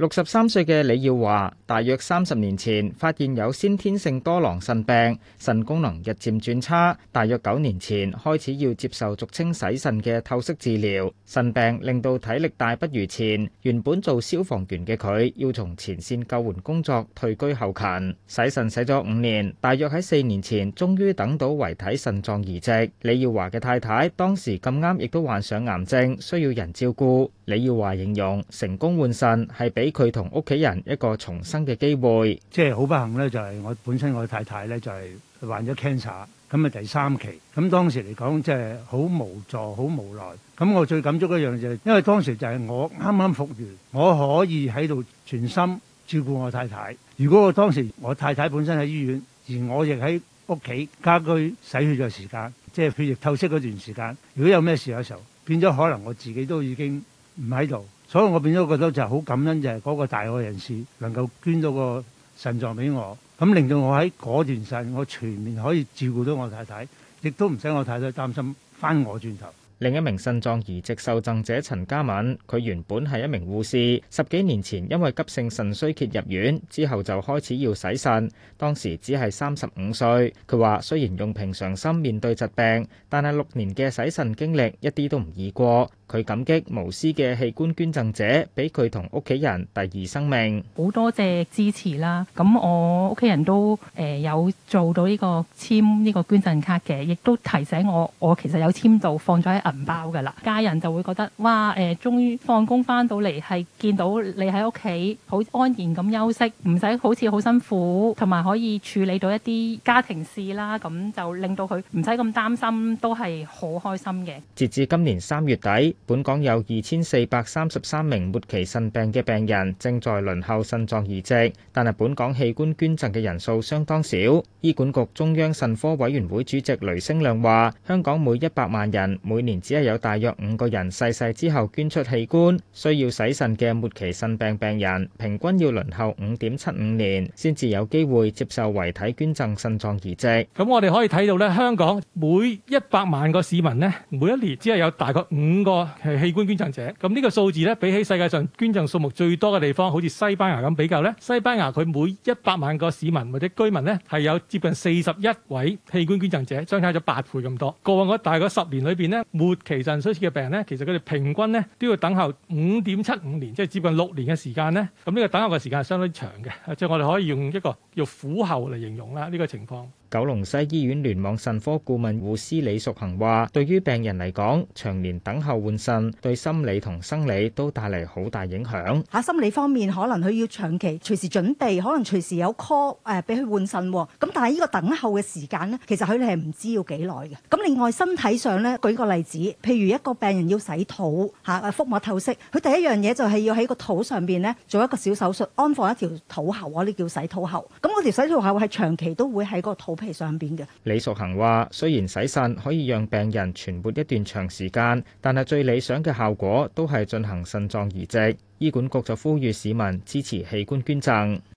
六十三歲嘅李耀華，大約三十年前發現有先天性多囊腎病，腎功能日漸轉差。大約九年前開始要接受俗稱洗腎嘅透析治療，腎病令到體力大不如前。原本做消防員嘅佢，要從前線救援工作退居後勤。洗腎洗咗五年，大約喺四年前終於等到遺體腎臟移植。李耀華嘅太太當時咁啱亦都患上癌症，需要人照顧。李耀華形容成功換腎係比……佢同屋企人一個重生嘅機會，即係好不幸咧，就係我本身我太太咧就係患咗 cancer，咁啊第三期，咁當時嚟講即係好無助、好無奈。咁我最感觸一樣就係，因為當時就係我啱啱復原，我可以喺度全心照顧我太太。如果我當時我太太本身喺醫院，而我亦喺屋企家居洗血嘅時間，即係血液透析嗰段時間，如果有咩事嘅時候，變咗可能我自己都已經唔喺度。所以我變咗覺得就好感恩，就係嗰個大愛人士能夠捐到個腎臟俾我，咁令到我喺嗰段時間我全面可以照顧到我太太，亦都唔使我太太擔心翻我轉頭。另一名腎臟移植受贈者陳嘉敏，佢原本係一名護士，十幾年前因為急性腎衰竭入院，之後就開始要洗腎，當時只係三十五歲。佢話雖然用平常心面對疾病，但係六年嘅洗腎經歷一啲都唔易過。佢感激無私嘅器官捐贈者，俾佢同屋企人第二生命。好多謝支持啦！咁我屋企人都誒有做到呢個簽呢個捐贈卡嘅，亦都提醒我，我其實有簽到放咗喺銀包噶啦。家人就會覺得哇誒，終於放工翻到嚟，係見到你喺屋企好安然咁休息，唔使好似好辛苦，同埋可以處理到一啲家庭事啦。咁就令到佢唔使咁擔心，都係好開心嘅。截至今年三月底，本港有二千四百三十三名末期腎病嘅病人正在輪候腎臟移植，但係本港器官捐贈嘅人數相當少。醫管局中央腎科委員會主席雷聲亮話，香港每一百萬人每年只係有大約五個人逝世之後捐出器官，需要洗腎嘅末期腎病病人平均要輪候五點七五年先至有機會接受遺體捐贈腎臟移植。咁我哋可以睇到咧，香港每一百萬個市民咧，每一年只係有大概五個。係器官捐贈者，咁呢個數字咧，比起世界上捐贈數目最多嘅地方，好似西班牙咁比較咧，西班牙佢每一百萬個市民或者居民咧，係有接近四十一位器官捐贈者，相差咗八倍咁多。過往嗰大概十年裏邊咧，末期腎衰竭嘅病人咧，其實佢哋平均咧都要等候五點七五年，即係接近六年嘅時間咧，咁呢個等候嘅時間係相當長嘅，即係我哋可以用一個叫苦候嚟形容啦，呢個情況。九龍西醫院聯網腎科顧問護師李淑恒話，對於病人嚟講，長年等候換腎，對心理同生理都帶嚟好大影響。吓，心理方面可能佢要長期隨時準備，可能隨時有 call 誒、呃，俾佢換腎。咁但係呢個等候嘅時間呢，其實佢哋係唔知要幾耐嘅。咁另外身體上咧，舉個例子，譬如一個病人要洗肚吓，誒、啊、腹膜透析，佢第一樣嘢就係要喺個肚上邊呢做一個小手術，安放一條肚喉，呢、那、叫、個、洗肚喉。咁嗰條洗肚喉係長期都會喺個肚皮上邊嘅李淑恒話，雖然洗腎可以讓病人存活一段長時間，但係最理想嘅效果都係進行腎臟移植。醫管局就呼籲市民支持器官捐贈。